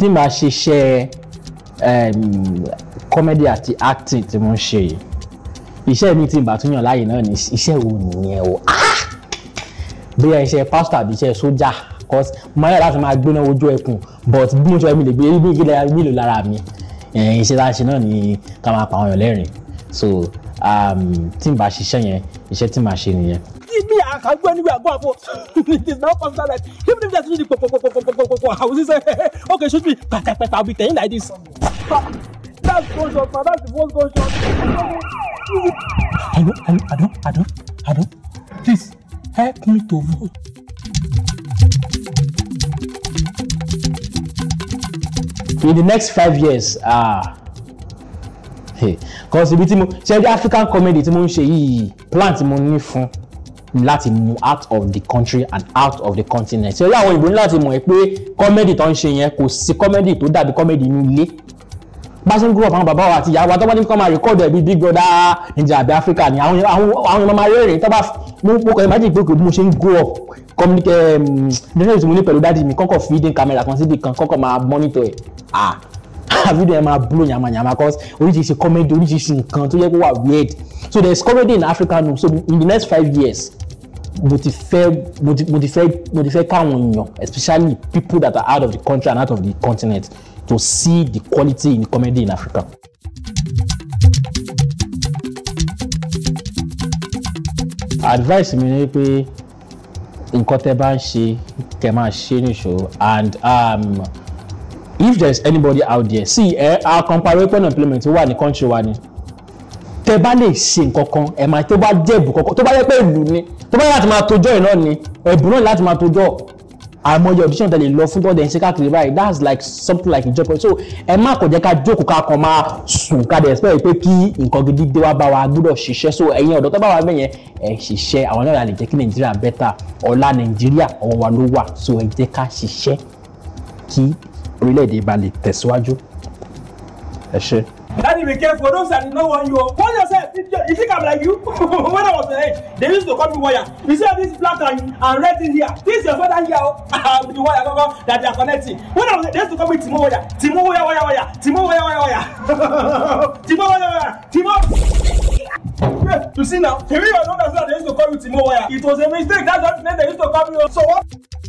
tí màá ṣiṣẹ́ comedy àti acting tí mo ń ṣe yìí iṣẹ́ mi tí n bá tún yàn láàyè náà ni iṣẹ́ wo nìyẹn o ah! bóyá iṣẹ́ pásítọ̀ àbí iṣẹ́ sójà cause mo máa yà láti máa gbóná ojú ẹkùn but bí mo ṣe mi lè gbé ibi ìgbé lára mi lára mi iṣẹ́ tá a ṣe náà ni ká máa pa àwọn èèyàn lẹ́rìn so tí n bá ṣiṣẹ́ yẹn iṣẹ́ tí màá ṣe nìyẹn can go anywhere go and go it is now considered like even if they do the kpokpokpokpokpokpokpokpo i will say okay shoot me pẹpẹpẹpẹ i will be telling like this pa that's gunshot pa that's the first gunshot. i know i know i don i don i don please help me to vote. in the next five years ah kàn síbi tí mo ṣe ẹjọ́ african comedy tí mo ń ṣe yìí plan mo ní fún láti mú out of the country and out of the continent ṣe láwọn òyìnbó ní láti mọ̀ pé kọ́mẹ́dì tó ń ṣe yẹn kò sí kọ́mẹ́dì tó dàbí kọ́mẹ́dì inú ilé bá ṣe ń grow up àwọn bàbá wa àti ìyá wa tó bá ní kí wọ́n máa record ẹ̀bí big brother Nigeria àbí Africa ni àwọn àwọn èèyàn máa rẹ́rìn tó bá mú mú kọ́ imagine pé kò bí mo ṣe ń grow up communicate relationship mo ní pẹ̀lú dáàdi mi kọ́kọ́ feeding camera kan síbi kan kọ́kọ́ máa monitor ẹ̀ ah video ẹ máa blow yamayama cause oríṣiríṣi comedy oríṣiríṣi nǹkan tó yẹ kó wà weird so there is comedy in Africa now so in the next five years mo ti fẹ́ mo ti mo ti fẹ́ mo ti fẹ́ káwọn èèyàn especially people that are out of the country and out of the continent to see the quality in comedy in Africa. advice mi ni pé nǹkan tẹ́ bá ń ṣe kẹ́ máa ṣe nìṣó and um, if there is anybody out there see eh, our comparable unemployment wà ní country wa ni tẹ bá lè ṣe nǹkan kan ẹ máa tó bá jẹ́ ẹ̀bùn kankan tó bá yẹ pé ìlú ni tó bá yẹ láti máa tojọ́ ẹ̀ náà ni ẹ̀bùn náà láti máa tojọ́ àmọye audition tẹ̀lé lọ fún tọ́jú ẹ̀ káàkiri báyìí that's like something like ìjọba so ẹ má kọ̀ jẹ́ ká jókòó ká kàn máa sùn ká dẹ̀ expect pé kí nǹkan gidi dé wá bá wa gbúdọ̀ ṣiṣẹ́ so ẹ̀yin ọ̀dọ́ tó bá wà bẹ́yẹn ẹ̀ ṣiṣẹ́ àwọn náà lè jẹ́ kí nàìjíríà better ọ̀la nàìjíríà ọwọ́ wa ló wà so ẹ jẹ́ ká ṣiṣẹ́ kí orílẹ̀-èdè bá lè tẹ̀síwájú ẹ ṣé. Daddy, be careful. Those that do not want you Call yourself. You think I'm like you? when I was your age, they used to call me wire. You see this black and, and red thing here. This is your father here. I'm oh. ah, the wire cover that they are connecting. When I was they used to call me Timo wire. Timo wire wire wire. Timo wire wire wire. Timo wire wire. Timo. you see now, Timo, I don't understand. They used to call you Timo wire. It was a mistake. That's what they used to call me. Oh. So what?